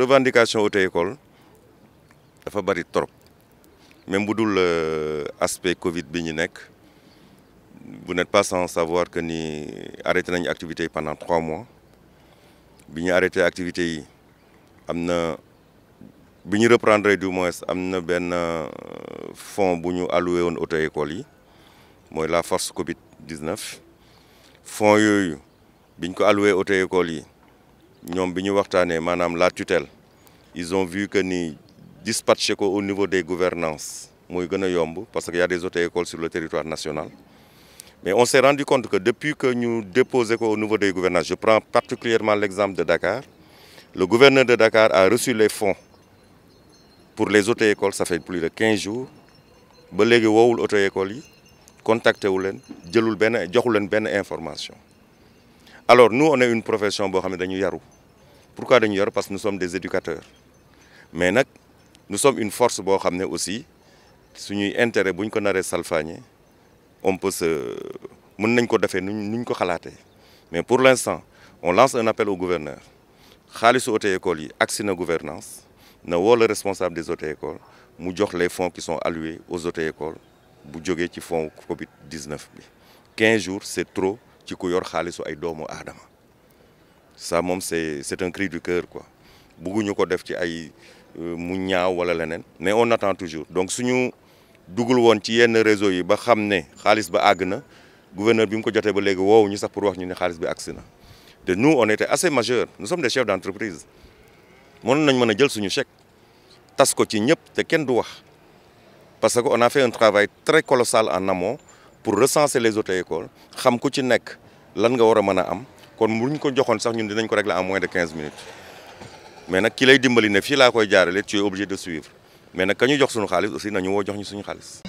revendication auto-école dafa bari trop même budul euh, aspect Covid vous n'êtes pas sans savoir que ni arrêté une activité pendant trois mois Nous avons arrêté activité yi nous euh, fonds alloué école la force Covid 19 fonds yoyu biñ ko école la tutelle ils ont vu que nous dispatchons au niveau des gouvernances parce qu'il y a des autres écoles sur le territoire national mais on s'est rendu compte que depuis que nous déposons au niveau des gouvernances je prends particulièrement l'exemple de Dakar le gouverneur de Dakar a reçu les fonds pour les autres écoles ça fait plus de 15 jours ba léegi écoles contacté wu information alors nous on est une profession qui est pourquoi dañu parce que nous sommes des éducateurs mais nous sommes une force qui xam aussi suñuy intérêt Si on ko naree salfaañe on peut se mën nañ ko defee nuñ mais pour l'instant on lance un appel au gouverneur xaalisu auto-école écoles, à la gouvernance na woo le responsable des hôtels écoles mu jox les fonds qui sont alloués aux hôtels écoles bu jógee ci fonds Covid 19 15 jours c'est trop ci ku yor xaalisu ay doomu aadama ça c'est un cri du cœur quoi bëgguñu ko def ci ay euh, mu ñaaw wala mais on attend toujours donc suñu dougul won ci yenn réseau yi ba xamné ne ba agna gouverneur bi mu ko jotté ba légui woowu ñu sax pour wax ñu ni khalis bi axina. De nous on était assez majeur. nous sommes des chefs d'entreprise Mon nañ mëna jël suñu chèque tas ko ci ñëpp té kenn du wax parce que on a fait un travail très colossal en amont pour recenser les autres écoles xam ku ci nek lan nga wara mëna am kon muñ ko joxone sax ñun dinañ ko régler en moins de 15 minutes mais nak ki lay dimbali ne fi la koy jaarale tu es obligé de suivre mais nak kañu jox suñu xaalis aussi nañu wo jox ñu suñu xaalis